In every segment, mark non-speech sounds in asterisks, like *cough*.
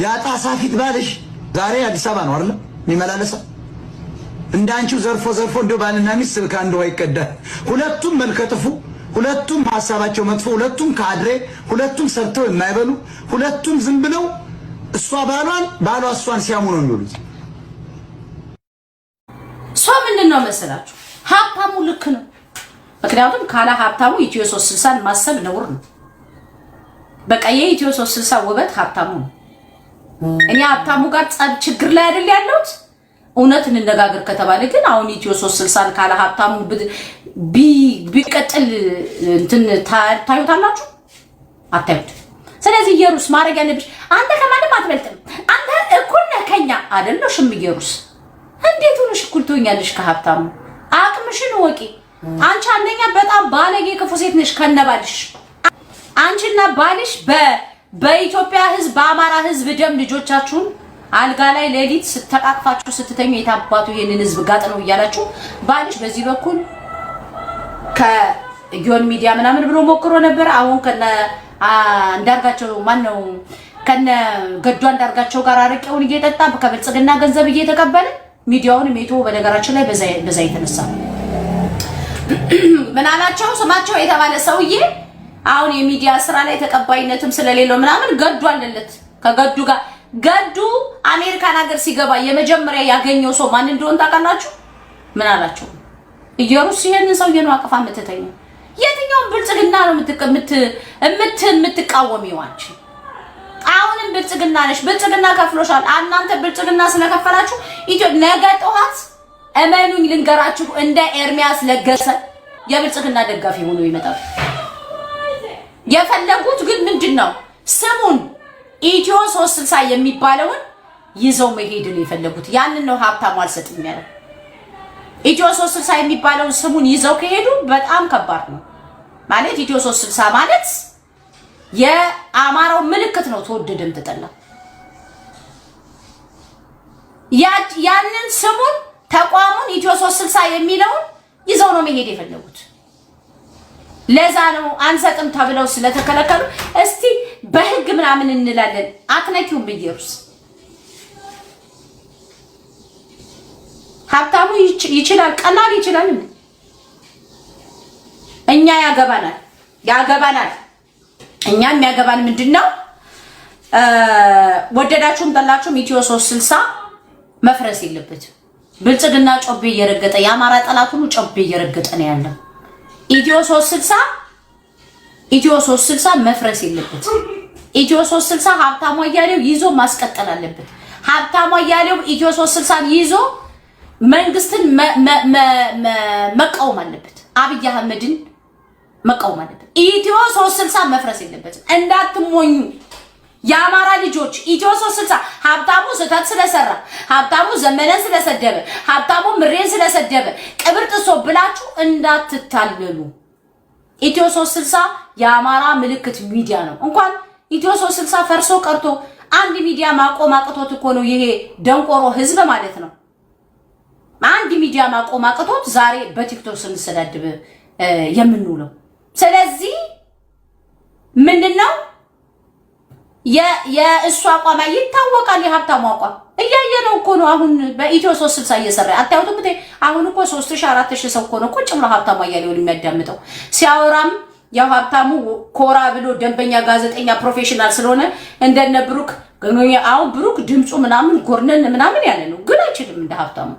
የአጣሳ ፊት ባልሽ ዛሬ አዲስ አበባ ነው አይደል የሚመላለሰው? እንደ ዘርፎ ዘርፎ እንደ ባልና ሚስት ስልክ አንዱ ይቀዳል። ሁለቱም መልከጥፉ፣ ሁለቱም ሀሳባቸው መጥፎ፣ ሁለቱም ካድሬ፣ ሁለቱም ሰርተው የማይበሉ፣ ሁለቱም ዝም ብለው እሷ ባሏን ባሏ እሷን ሲያሙ ነው የሚሉት። እሷ ምንድን ነው መሰላችሁ ሀብታሙ ልክ ነው። ምክንያቱም ካላ ሀብታሙ ኢትዮ ሶስት ስልሳን ማሰብ ነውር ነው። በቃ የኢትዮ ሶስት ስልሳ ውበት ሀብታሙ ነው። እኔ ሀብታሙ ጋር ጸብ ችግር ላይ አይደል ያለሁት? እውነት እንነጋገር ከተባለ ግን አሁን ኢትዮ 360 ስልሳን ካለ ሀብታሙ ቢቀጥል እንትን ታዩታላችሁ አታዩት። ስለዚህ እየሩስ ማድረግ ያለብሽ አንተ ከማንም አትበልጥም። አንተ እኩል ነህ ከኛ አይደለሽም። እየሩስ እንዴት ሆነሽ እኩል ትሆኛለሽ ከሀብታሙ? አቅምሽን ወቂ። አንቺ አንደኛ በጣም ባለጌ ክፉ ሴት ነሽ ከነባልሽ አንቺና ባልሽ በ በኢትዮጵያ ህዝብ በአማራ ህዝብ ደም ልጆቻችሁን አልጋ ላይ ሌሊት ስተቃቅፋችሁ ስትተኙ የታባቱ ይሄንን ህዝብ ጋጥ ነው እያላችሁ ባልሽ በዚህ በኩል ከጊዮን ሚዲያ ምናምን ብሎ ሞክሮ ነበር። አሁን ከነ አንዳርጋቸው ነው ከነ ገዱ አንዳርጋቸው ጋር አረቄውን እየጠጣ ከብልጽግና ገንዘብ እየተቀበለ ሚዲያውን ሜቶ በነገራችን ላይ በዛ የተነሳ *clears throat* ምን አላቸው ስማቸው የተባለ ሰውዬ አሁን የሚዲያ ስራ ላይ ተቀባይነትም ስለሌለው ምናምን ገዱ አለለት። ከገዱ ጋር ገዱ አሜሪካን ሀገር ሲገባ የመጀመሪያ ያገኘው ሰው ማን እንደሆን ታውቃላችሁ? ምን አላቸው? እየሩስ ይሄንን ሰውዬ ነው አቅፋ የምትተኛ። የትኛውን ብልጽግና ነው የምትቀምት የምትቃወም አንቺ? አሁንም ብልጽግና ነሽ። ብልጽግና ከፍሎሻል። እናንተ ብልጽግና ስለከፈላችሁ ኢትዮ ነገ ጠዋት እመኑኝ ልንገራችሁ፣ እንደ ኤርሚያስ ለገሰ የብልጽግና ደጋፊ ሆኖ ይመጣል። የፈለጉት ግን ምንድን ነው ስሙን ኢትዮ ሶስት ስልሳ የሚባለውን ይዘው መሄድ ነው የፈለጉት ያንን ነው ሀብታሙ አልሰጥም የሚያለው ኢትዮ ሶስት ስልሳ የሚባለውን ስሙን ይዘው ከሄዱ በጣም ከባድ ነው ማለት ኢትዮ ሶስት ስልሳ ማለት የአማራው ምልክት ነው ተወደደም ተጠላ ያንን ስሙን ተቋሙን ኢትዮ ሶስት ስልሳ የሚለውን ይዘው ነው መሄድ የፈለጉት ለዛ ነው አንሰጥም ተብለው ስለተከለከሉ እስቲ በህግ ምናምን እንላለን። አትነኪውም ብየሩስ ሀብታሙ ይችላል፣ ቀላል ይችላል። እኛ ያገባናል ያገባናል። እኛም ያገባን ምንድን ነው ወደዳችሁም ጠላችሁም ኢትዮ ሶስት ስልሳ መፍረስ የለበትም። ብልጽግና ጮቤ እየረገጠ የአማራ ጠላት ሁሉ ጮቤ እየረገጠ ነው ያለው። ኢትዮ 360 ኢትዮ 360 መፍረስ የለበት። ኢትዮ 360 ሀብታሙ አያሌው ይዞ ማስቀጠል አለበት። ሀብታሙ አያሌው ኢትዮ 360 ይዞ መንግስትን መቃወም አለበት። አብይ አህመድን መቃወም አለበት። ኢትዮ 360 መፍረስ የለበትም። እንዳትሞኙ። የአማራ ልጆች ኢትዮ ሶስት ስልሳ ሀብታሙ ስህተት ስለሰራ ሀብታሙ ዘመነን ስለሰደበ ሀብታሙ ምሬን ስለሰደበ ቅብር ጥሶ ብላችሁ እንዳትታለሉ። ኢትዮ ሶስት ስልሳ የአማራ ምልክት ሚዲያ ነው። እንኳን ኢትዮ ሶስት ስልሳ ፈርሶ ቀርቶ አንድ ሚዲያ ማቆም አቅቶት እኮ ነው ይሄ ደንቆሮ ህዝብ ማለት ነው። አንድ ሚዲያ ማቆም አቅቶት ዛሬ በቲክቶክ ስንሰዳድብ የምንውለው ስለዚህ ምንድን ነው? የእሱ አቋማ ይታወቃል። የሀብታሙ አቋም እያየ ነው እኮ ነው። አሁን በኢትዮ ሶስት ስልሳ እየሰራ አታዩትም? አሁን እኮ ሶስት ሺ አራት ሺ ሰው እኮ ነው ቁጭ ብሎ ሀብታሙ አያሌውን የሚያዳምጠው ሲያወራም ያው ሀብታሙ ኮራ ብሎ ደንበኛ ጋዜጠኛ ፕሮፌሽናል ስለሆነ እንደነ ብሩክ አሁን ብሩክ ድምፁ ምናምን ጎርነን ምናምን ያለ ነው፣ ግን አይችልም እንደ ሀብታሙ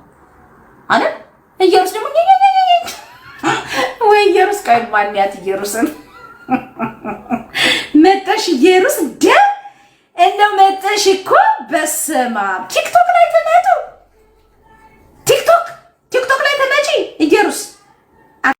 አለ። እየሩስ ደግሞ ወይ እየሩስ ቀይ ማንያት እየሩስን መጣሽ እየሩስ ነሽ እኮ በስመ አብ ቲክቶክ